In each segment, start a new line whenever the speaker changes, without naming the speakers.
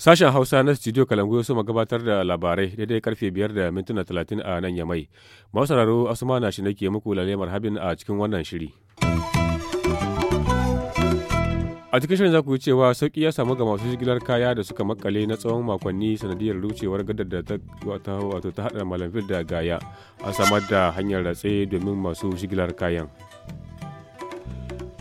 Sashen Hausa na studio Kalangu ma gabatar da labarai daidai karfe biyar da mintuna talatin a nan yamai. Masu sauraro Asuma na shi nake muku lalemar habin a cikin wannan shiri. A cikin shirin za ku yi cewa sauƙi ya samu ga masu jigilar kaya da suka makale na tsawon makonni sanadiyar rucewar gadar da ta wato ta haɗa malamfil da gaya a samar da hanyar ratse domin masu jigilar kayan.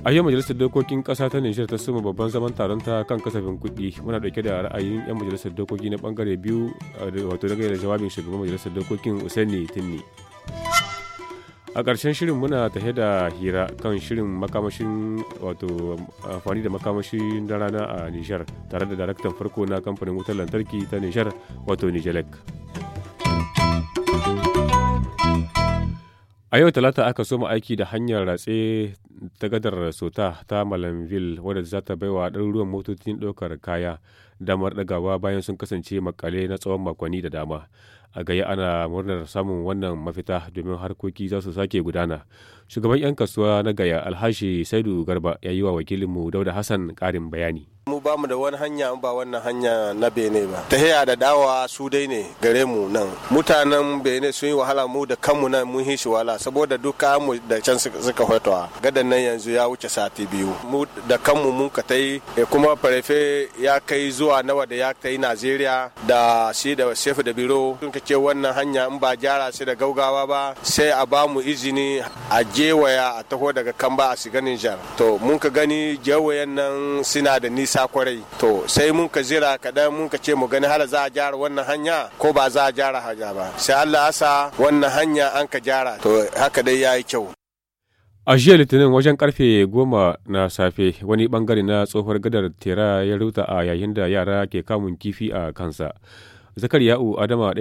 A yau majalisar dokokin ƙasa ta Nijar ta suma babban zaman taron ta kan kasafin kuɗi muna ɗauke da ra'ayin 'yan majalisar dokoki na ɓangare biyu wato daga da jawabin shugaban majalisar dokokin Usaini Tinni. a ƙarshen shirin muna tahe da hira kan shirin makamashin wato amfani da makamashin da rana a nishar tare da daraktan farko na kamfanin wutar lantarki ta nishar wato nijelek a yau talata aka soma aiki da hanyar ratse ta gadar sota ta malamville wadda za ta baiwa ɗaruruwan motocin ɗaukar kaya damar ɗagawa bayan sun kasance makale na tsawon makonni da dama a gaya ana murnar samun wannan mafita domin harkoki za su sake gudana shugaban 'yan kasuwa na gaya alhashi saidu garba ya yi wa wakilinmu dauda hassan ƙarin bayani
mu ba mu da wani hanya ba wannan hanya na bene ba tahiya da dawa su dai ne gare mu nan mutanen bene sun yi wahala mu da kanmu nan mun shi wahala saboda duka mu da can suka hotowa gadan nan yanzu ya wuce sati biyu mu da kanmu mun ka tai eh, kuma farefe ya kai zuwa nawa da ya kai najeriya da shi da shefu da biro sun ka ce wannan hanya in ba gyara shi da gaugawa ba sai a ba mu izini a gewaya a taho daga kamba a shiga nijar to mun ka gani jewayen nan suna da nisa isa kwarai to sai mun ka jira kadan mun ka ce mu gani hala za a gyara wannan hanya ko ba za a gyara haja ba sai Allah asa wannan hanya an ka gyara to haka dai yayi kyau
a jiya litinin wajen karfe goma na safe wani bangare na tsohuwar gadar tera ya ruta a yayin da yara ke kamun kifi a kansa zakariya'u adama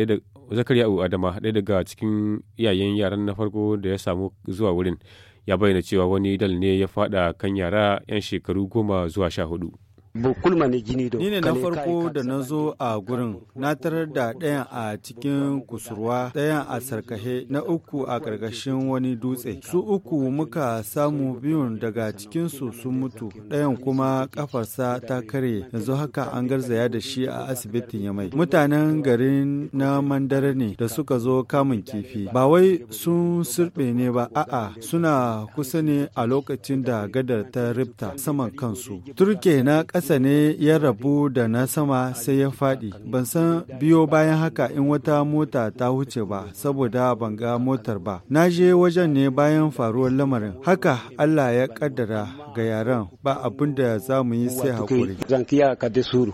ɗaya daga cikin iyayen yaran na farko da ya samu zuwa wurin ya bayyana cewa wani dal ne ya fada kan yara 'yan shekaru goma zuwa sha hudu Ni ne na farko
da na zo a gurin, na tarar da ɗayan a cikin kusurwa, ɗayan a sarkahe, na uku a ƙarƙashin wani dutse. Su uku muka samu biyun daga cikinsu sun mutu, ɗayan kuma ƙafarsa ta kare, yanzu haka an garzaya da shi a asibitin Yamai. Mutanen garin na Mandara ne da suka zo kamun kifi, ba wai sun sirɓe ne ba, a'a suna kusa ne a lokacin da gadar ta rifta saman kansu. Turke na ƙasa Kansa ne ya rabu da na sama sai ya faɗi. Ban san biyo bayan haka in wata mota ta wuce ba, saboda ban ga motar ba. Na je wajen ne bayan faruwar lamarin. Haka Allah ya kaddara ga yaran ba abin da za mu yi sai
haƙuri.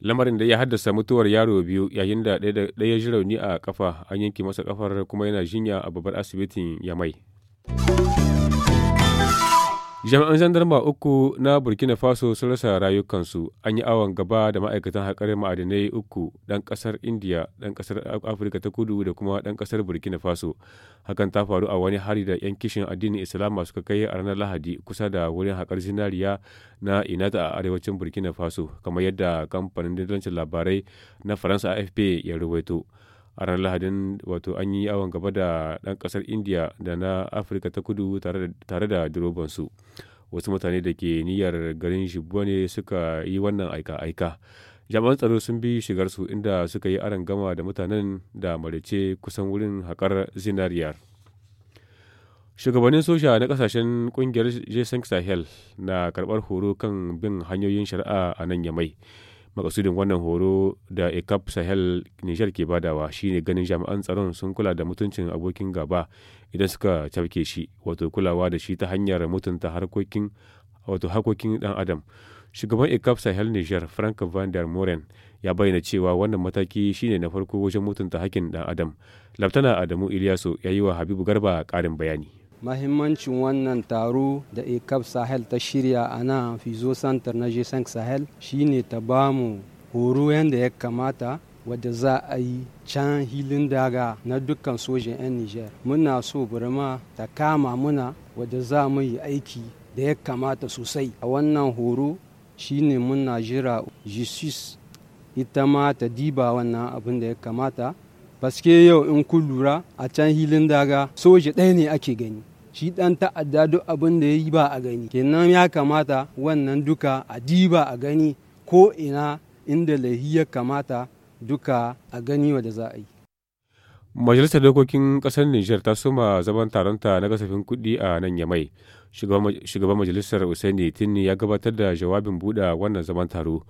lamarin da ya haddasa mutuwar yaro biyu yayin da ɗaya ji rauni a kafa an yanke masa kafar kuma yana jinya a babbar asibitin ya mai. Jami'an zandarma uku na Burkina Faso sun rasa rayukansu an yi awon gaba da ma'aikatan haƙar ma'adinai uku ɗan ƙasar india ɗan ƙasar Afirka ta kudu da kuma ɗan ƙasar Burkina Faso. Hakan ta faru a wani hari da 'yan kishin addinin islam suka kai a ranar Lahadi kusa da wurin haƙar zinariya na Inata a arewacin Burkina Faso, kamar yadda kamfanin dillancin labarai na Faransa AFP ya ruwaito. a ranar lahadin wato an yi awon gaba da ɗan ƙasar indiya da na afirka ta kudu tare da direbansu wasu mutane da ke niyyar garin shibuwa ne suka yi wannan aika-aika jami'an tsaro sun bi shigarsu inda suka yi aron gama da mutanen da marice kusan wurin haƙar zinariyar shugabannin soja na kasashen kungiyar jason sahel na karɓar horo kan bin hanyoyin shari'a a nan yamai makasudin wannan horo da ecap sahel niger ke badawa shine ganin jami'an tsaron sun kula da mutuncin abokin gaba idan suka cafke shi wato kulawa da shi ta hanyar mutunta harkokin wato harkokin dan adam shugaban ecap sahel niger frank van der moren ya bayyana cewa wannan mataki shine na farko wajen mutunta hakkin dan adam laftana adamu iliyasu ya yi wa habibu garba karin bayani
mahimmancin wannan taro da Ekab sahel ta shirya a nan fizo center na g sahel shine ta bamu horo yadda ya kamata wadda za a yi can hilin daga na dukkan sojin 'yan Nijar. Muna so burma ta kama muna wadda za mu yi aiki da ya kamata sosai. A wannan horo shine muna jira Jesus ita ma ta diba wannan abin da ya kamata. Baske yau in kun lura a can hilin daga soja ɗaya ne ake gani. shi dan ta'adda duk abin da ya yi ba a gani kenan ya kamata wannan duka a diba a gani ko ina inda lahi ya kamata duka a gani wadda za a yi
majalisar dokokin kasar niger ta suma zaman taronta na kasafin kuɗi a nan ya mai shugaban majalisar usaini tinni ya gabatar da jawabin buɗe wannan zaman taro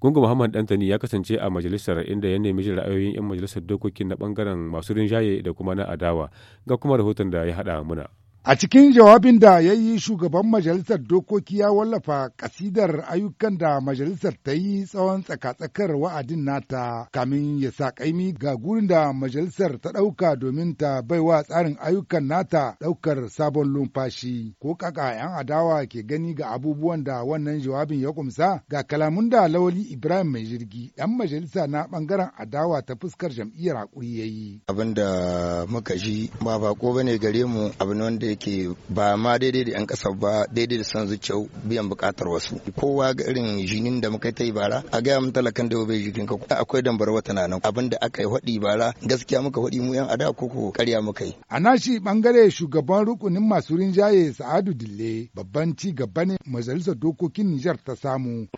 gungun muhammad dantani ya kasance a majalisar inda ya nemi ra'ayoyin 'yan majalisar dokokin na bangaren masu rinjaye da kuma na adawa ga kuma rahoton da ya hada muna
A cikin jawabin da ya yi shugaban majalisar dokoki ya wallafa kasidar ayyukan da majalisar ta yi tsawon tsakatsakar wa'adin nata kamin ya sa kaimi ga gurin da majalisar ta ɗauka domin ta baiwa tsarin ayyukan nata ɗaukar sabon lumfashi ko kaka 'yan adawa ke gani ga abubuwan da wannan jawabin ya kumsa ga kalamun da lawali Ibrahim mai jirgi 'yan majalisa na ɓangaren adawa ta fuskar jam'iyyar haƙuri ya yi. Abin da muka ji ba ko bane gare mu abin wanda yake ba ma daidai da 'yan kasa ba daidai da san zuciyar biyan bukatar wasu kowa ga irin jinin da muka ta yi bara a gaya mun talakan da bai jikin ka akwai dambarwa tana nan abin da aka yi hadi bara gaskiya muka hadi mu 'yan ada koko ƙarya muka yi. a nashi bangare shugaban rukunin masu rinjaye sa'adu dille babban ci gaba ne majalisar dokokin nijar ta
samu.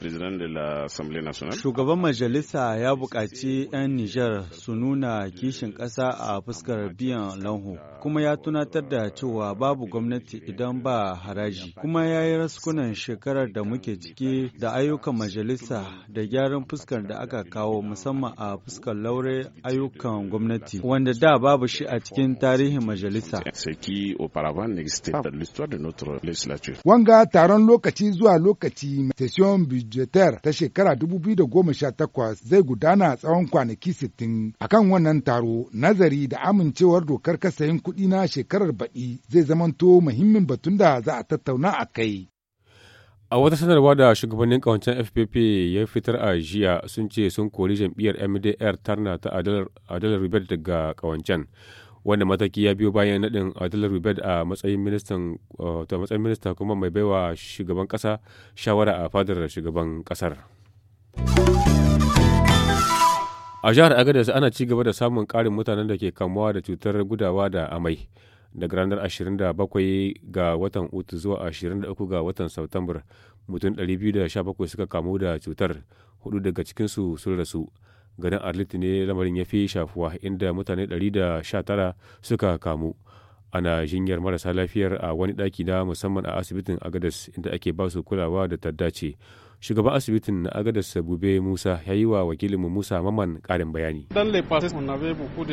shugaban majalisa ya buƙaci 'yan nijar su nuna kishin ƙasa a fuskar biyan lanhu kuma ya tunatar da cewa ba babu gwamnati idan ba haraji kuma ya yi raskunan shekarar da muke ciki da ayyukan majalisa da gyaran fuskar da aka kawo musamman a fuskar laure ayyukan gwamnati wanda da babu shi a cikin tarihin majalisa
wanga taron lokaci zuwa lokaci session budgetaire ta shekara 2018 zai gudana tsawon kwanaki 60 akan wannan taro nazari da amincewar dokar kasayin kuɗi na shekarar baɗi zai zama zamanto muhimmin batun da za a tattauna a kai.
A wata sanarwa da shugabannin kawancen FPP ya fitar a jiya sun ce sun kori jam'iyyar MDR tarna ta Adalar Ribet daga kawancen. Wanda mataki ya biyo bayan naɗin Adalar Ribet a uh, matsayin minista kuma mai baiwa shugaban ƙasa shawara a fadar shugaban kasar. A jihar Agadez ana ci gaba da samun ƙarin mutanen da ke kamuwa da cutar gudawa da amai. daga ranar 27 ga watan utu zuwa 23 ga watan Satumbar mutum 217 suka kamu da cutar hudu daga cikinsu sun rasu. Ganin Arliti ne lamarin ya fi shafuwa inda mutane 119 suka kamu. Ana jinyar marasa lafiyar a wani ɗaki na musamman a asibitin Agadas inda ake ba su kulawa da taddace. shugaban asibitin na agadas sabube musa ya yi wa wakilinmu musa maman karin bayani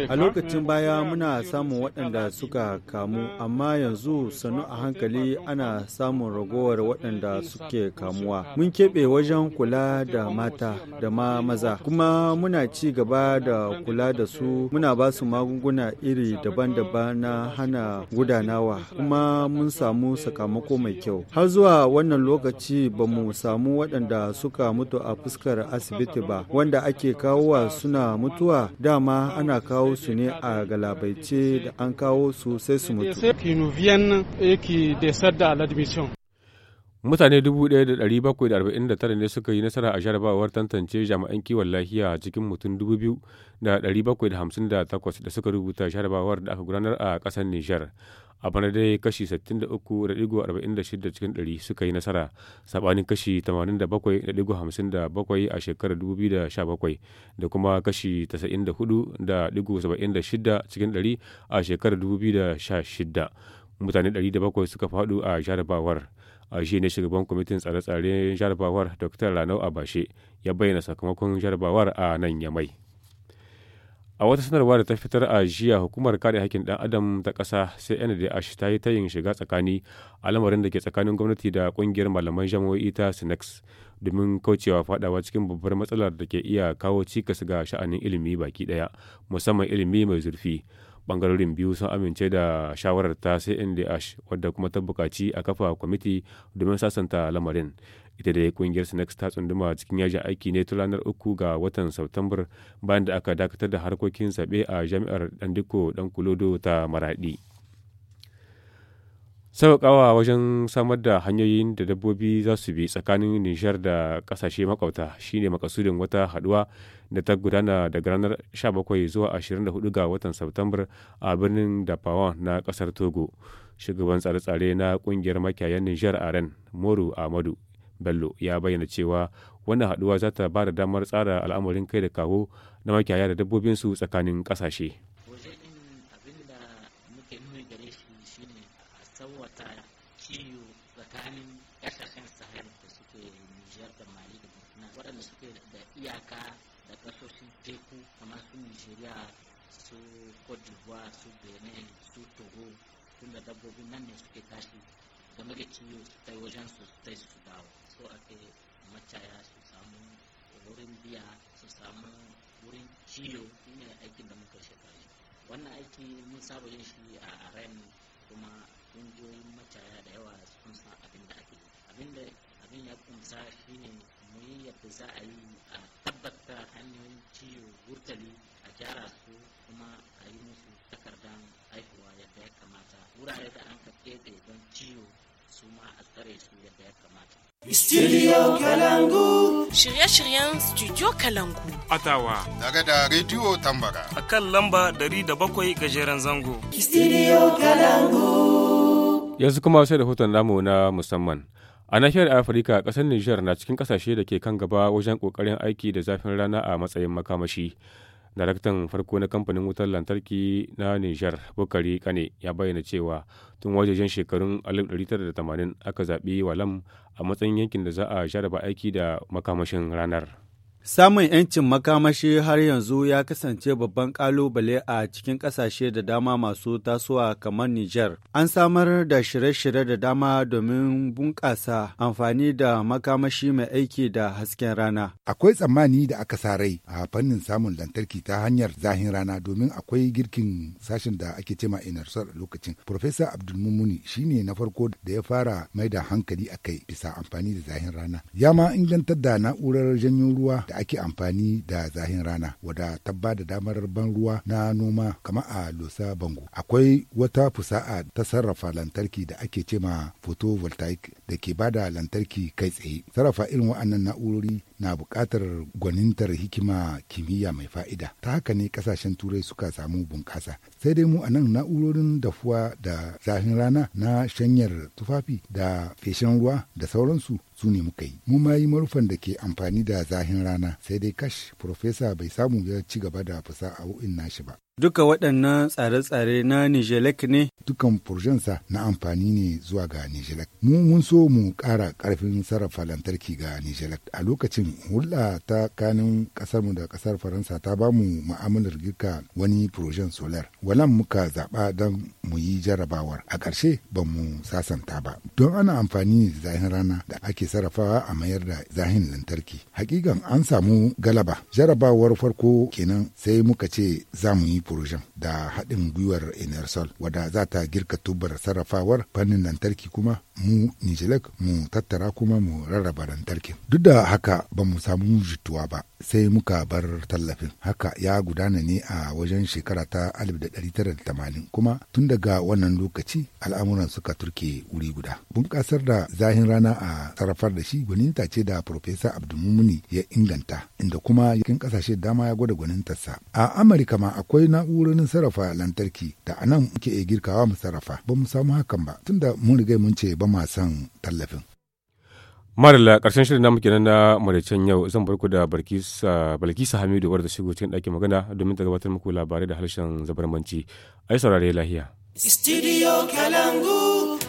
a lokacin baya muna samun waɗanda suka kamu amma yanzu sanu a hankali ana samun ragowar waɗanda suke kamuwa mun keɓe wajen kula da mata da ma maza kuma muna ci gaba da kula da su muna ba su magunguna iri daban-daban na hana gudanawa kuma mun samu sakamako mai kyau har zuwa wannan lokaci ba mu samu waɗanda waɗanda suka mutu a fuskar asibiti ba wanda ake kawowa suna mutuwa dama ana kawo su ne a galabaice da an kawo su sai su mutu
Mutane 1,749 ne suka yi nasara a jarabawar tantance jami'an kiwon lafiya cikin mutum 2,758 da suka rubuta jarabawar da aka gudanar a ƙasar Nijar. A bana dai kashi 63.46 cikin 100 suka yi nasara, saɓanin kashi 87.57 a shekarar 2017 da kuma kashi 94.76 cikin 100 a shekarar 2016. Mutane 700 suka faɗu a jarabawar. a shi ne shugaban kwamitin tsare-tsaren jarabawar dr lanau abashe ya bayyana sakamakon jarabawar a nan ya mai a wata sanarwa da ta fitar a jiya hukumar kare hakkin dan adam ta ƙasa ashi ta yi ta yin shiga tsakani a lamarin da ke tsakanin gwamnati da kungiyar malaman jami'o'i ta sinex domin kaucewa fadawa cikin babbar matsalar da ke iya kawo cikas ga sha'anin ilimi baki ɗaya musamman ilimi mai zurfi bangarorin biyu sun amince da shawarar ta cndh wadda kuma ta bukaci a kafa kwamiti domin sasanta lamarin ita dai kungiyar sinex ta tsunduma cikin yajin aiki ne tun ranar uku ga watan Satumbar bayan da aka dakatar da harkokin zaɓe a jami'ar dandiko dan kulodo ta maradi sauƙawa wajen samar da hanyoyin da dabbobi za su bi tsakanin nishar da ƙasashe makwabta shine makasudin wata haɗuwa da ta gudana daga ranar 17 zuwa 24 ga watan Satumbar a birnin Dapawan na ƙasar Togo. Shugaban tsare-tsare na ƙungiyar makiyayan Nijar a ren Moru Ahmadu Bello ya bayyana cewa wannan haɗuwa za ta ba da damar tsara al'amarin kai da kawo na makiyaya da dabbobinsu tsakanin ƙasashe.
tsawata ciwo tsakanin kasashen sahel da suke nijar da mali da burkina waɗanda suke da iyaka da ƙasashen teku kamar su nigeria su cote d'ivoire su benin su togo tunda dabbobin nan ne suke tashi game da ciwo su kai wajen su tai su dawo so ake macaya su samu wurin biya su samu wurin ciwo shine aikin da muka shekaru wannan aiki mun saba yin shi a ren kuma ƙungiyoyin mataya da yawa sun san abin da ake abin da abin ya kunsa shine mu yi yadda za a yi a tabbata hanyoyin ciwo wurtali a gyara su kuma a yi musu takardar haihuwa yadda ya kamata wurare da an ka keɓe don ciwo su
ma a tsare su yadda ya kamata. Studio Kalangu. Shirye-shiryen Studio Kalangu.
Atawa. Daga da Radio Tambara. A kan lamba dari da bakwai gajeren zango. Studio
Kalangu.
Yanzu kuma sai da hoton namu na musamman. A nahiyar Afirka, ƙasar Nijar na cikin ƙasashe da ke kan gaba wajen ƙoƙarin aiki da zafin rana a matsayin makamashi. Daraktan farko na kamfanin wutar lantarki na Nijar, Bukari Kane, ya bayyana cewa tun wajejen shekarun 1980 aka zaɓi Walam a matsayin yankin da za a jaraba aiki da makamashin ranar. Samun 'yancin makamashi har yanzu ya kasance
babban ƙalubale a cikin ƙasashe da dama masu tasowa kamar Nijar. An samar da shirye-shirye da dama domin bunƙasa amfani da makamashi mai aiki da hasken rana.
Akwai tsammani da aka sa rai a fannin samun lantarki ta hanyar zahin rana domin akwai girkin sashen da ake cema inarsar lokacin. Profesa Abdulmumuni ne na farko da ya fara mai da hankali a kai bisa amfani da zahin rana. Ya ma ingantar da na'urar janyo ruwa ake amfani da zahin rana Wada tabba da damar ban ruwa na noma kama a Losa Bango. Akwai wata fusa'a ta sarrafa lantarki da ake ce ma photovoltaic da ke bada lantarki kai tsaye. Sarrafa irin wa'annan na'urori na buƙatar gwanintar hikima kimiyya mai fa'ida. Ta haka ne ƙasashen turai suka samu bunƙasa. Sai dai mu a nan na'urorin dafuwa da zahin rana na shanyar tufafi da feshin ruwa da sauransu su ne muka yi mu ma yi marufan da ke amfani da zahin rana sai dai kash profesa bai samu ya ci gaba da fasaha nashi ba
Duka waɗannan tsare-tsare na Nijelek ne?
Dukan furjansa na amfani ne zuwa ga Nijelek. Mu mun so mu ƙara ƙarfin sarrafa lantarki ga Nijelek. A lokacin hulɗa ta kanin ƙasarmu da ƙasar Faransa ta ba mu ma'amalar girka wani furjan solar. Walan muka zaɓa don mu yi jarrabawar. A ƙarshe ba mu sasanta ba. Don ana amfani da zahin rana da ake sarrafawa a mayar da zahin lantarki. Hakikan an samu galaba. Jarrabawar farko kenan sai muka ce za mu yi projet da haɗin gwiwar inersol wadda za ta girka tubar sarrafawar fannin lantarki kuma mu nijilek mu tattara kuma mu rarraba lantarki. duk da haka ba mu samu jituwa ba sai muka bar tallafin haka ya gudana ne a wajen shekara ta 1980 kuma tun daga wannan lokaci al'amuran suka turke wuri guda bunƙasar da zahin rana a sarrafar da shi gwaninta ce da Profesa Abdulmumuni ya inganta inda kuma yakin ƙasashe dama ya gwada gwanintarsa a Amurka ma akwai na'urorin sarrafa lantarki da anan nan muke iya girkawa mu sarrafa ba mu samu hakan ba tunda mun riga mun ce ba ma san tallafin.
Madalla ƙarshen shirin namu kenan na maraicen yau zan bar ku da Balkisa Hamidu wadda shigo cikin ɗakin magana domin ta gabatar muku labarai da harshen zabarmanci. Ai saurare lahiya. Studio Kalangu.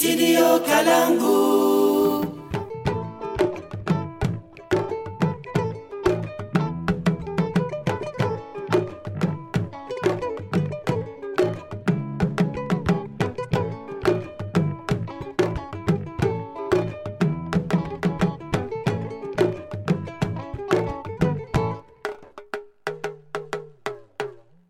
Studio Kalangu.